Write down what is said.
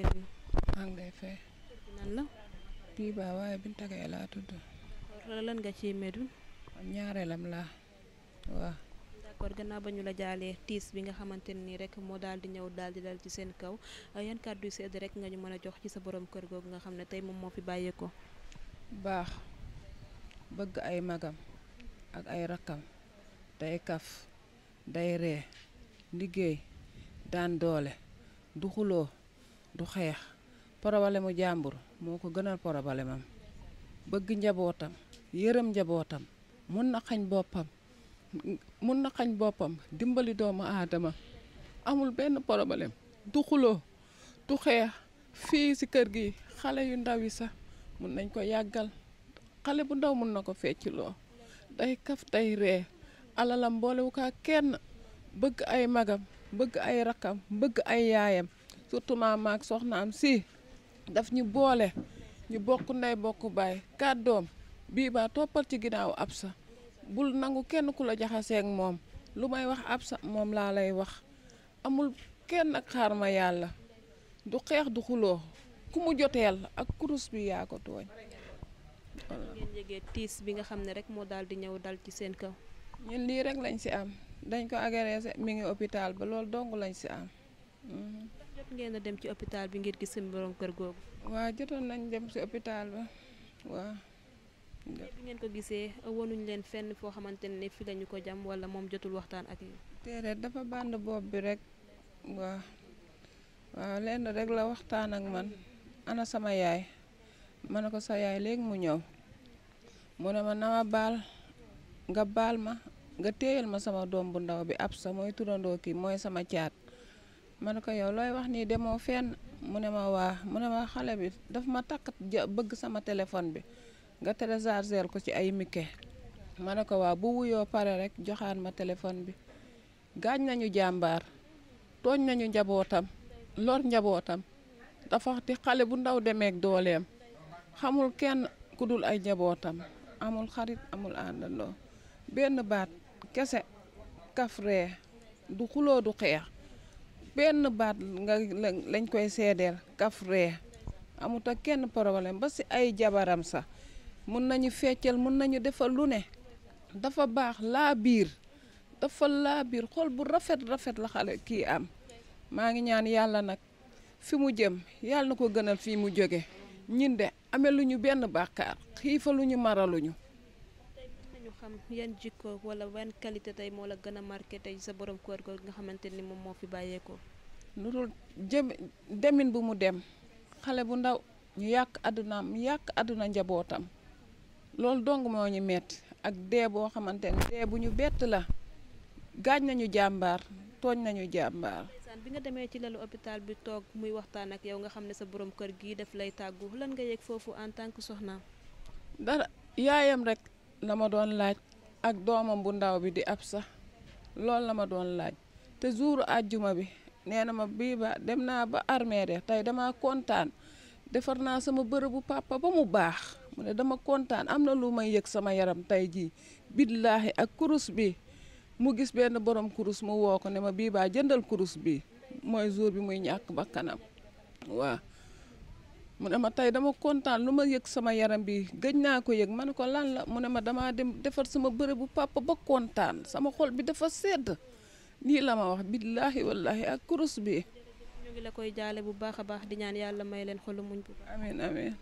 maa ngi lay la. bii ba waaye Binta Gaye laa tudd. lan nga ci Médoune. ñaareelam laa waaw. d'accord gannaaw ba ñu la jaalee tiis bi nga xamante ne nii rek moo daal ñëw daal di dal ci seen kaw yan kàddu yu sedd rekk nga ñu mën a jox ci sa boroom kër googu nga xam ne tey moom moo fi ko baax bëgg ay magam ak ay rakkam day kaf day ree liggéey daan doole du xuloo du xeex problème mu jàmbur moo ko gënal problème bëgg njabootam yërëm njabootam mun na xañ boppam mun na xañ boppam dimbali doomu aadama amul benn problème du xuloo du xeex fii ci kër gi xale yu ndaw yi sax mun nañ ko yàggal xale bu ndaw mun na ko fecc loo day kaf day ree alalam boolewu kenn bëgg ay magam bëgg ay rakam bëgg ay yaayam surtout maam ak soxnaam si daf ñu boole ñu bokk ndey bokk baay kàddoom bii baa toppal ci ginnaaw Absa bul nangu kenn ku la jaxaseeg moom lu may wax Absa moom laa lay wax amul kenn ak xaar ma yàlla du xeex du xuloo ku mu joteel ak kurus bi yaa ko tooñ. tiis bi nga xam ne rek moo daal di ñëw dal ci seen kaw. ñun lii rek lañ si am dañ ko agressé mi ngi hôpital ba loolu dong lañ si am. Mhm. jot ngeen a dem ci hôpital bi ngir gis seen borom kër googu. waaw jotoon nañ dem si hôpital ba waaw. ko gisee wonuñ leen fenn foo xamante ne fii lañu ko jam moom jotul waxtaan ak yéen. dafa bànd bopp bi rek waaw waaw rek la waxtaan ak man ana sama yaay ma ne ko sa yaay léegi mu ñëw mu ne ma nama baal nga baal ma nga téyal ma sama doom bu ndaw bi ab sa mooy turandoo ki mooy sama caat ma ne ko yow looy wax nii demoo fenn mu ne ma waa mu ne ma xale bi dafa ma takk bëgg sama téléphone bi nga téléchargeel ko ci ay mike ma ne ko waa bu wuyoo pare rekk joxaan ma téléphone bi gaañ nañu jàmbaar tooñ nañu njabootam lor njabootam dafa di xale bu ndaw demeek dooleem xamul kenn ku dul ay njabootam amul xarit amul àndandoo benn baat kese kaf ree du xuloo du xeex benn baat nga lañ koy seedeel kaf amuta kenn problème ba si ay jabaram sax mun nañu feccal mun nañu defal lu ne dafa baax laa biir dafa laa biir xol bu rafet rafet la xale kii am maa ngi ñaan yàlla nag fi mu jëm yàlla na ko gënal fii mu jóge ñun de ñu benn bàkkaar ñu maraluñu xam yan jikko wala yan qualité tey moo la gën a marqué tey sa borom kër googu nga xamante ni moom moo fi bàyyeekoo. lu dul jëm demin bu mu dem xale bu ndaw ñu yàq addunaam yàq adduna njabootam loolu dong moo ñu metti ak dee boo xamante ne dee bu ñu bett la gaañ nañu jàmbaar tooñ nañu jàmbaar. bi nga demee ci lalu hôpital bi toog muy waxtaan ak yow nga xam ne sa boroom kër gii daf lay tàggu lan nga yëg foofu en tant que soxnaam. dara yaayam rek. la ma doon laaj ak doomam bu ndaw bi di ab sax loolu la ma doon laaj te jouru àjjuma bi nee na ma bii dem naa ba armée de tey dama kontaan defar naa sama bërëbu papa ba mu baax mu ne dama kontaan am na lu may yëg sama yaram tey jii billaahi ak kurus bi mu gis benn borom kurus mu woo ko ne ma biibaa jëndal kurus bi mooy jour bi muy ñàkk bakkanam waaw mu ne ma tey dama kontaan lu ma yëg sama yaram bi gëj naa ko yëg ma ne ko lan la mu ne ma damaa dem defar sama bërëbu papa ba kontaan sama xol bi dafa sedd nii la ma wax billaahi wallaahi ak kurus bi. ñu ngi la koy jaale bu baax a baax di ñaan yàlla may leen xolu muñ bu baax. amiin amiin.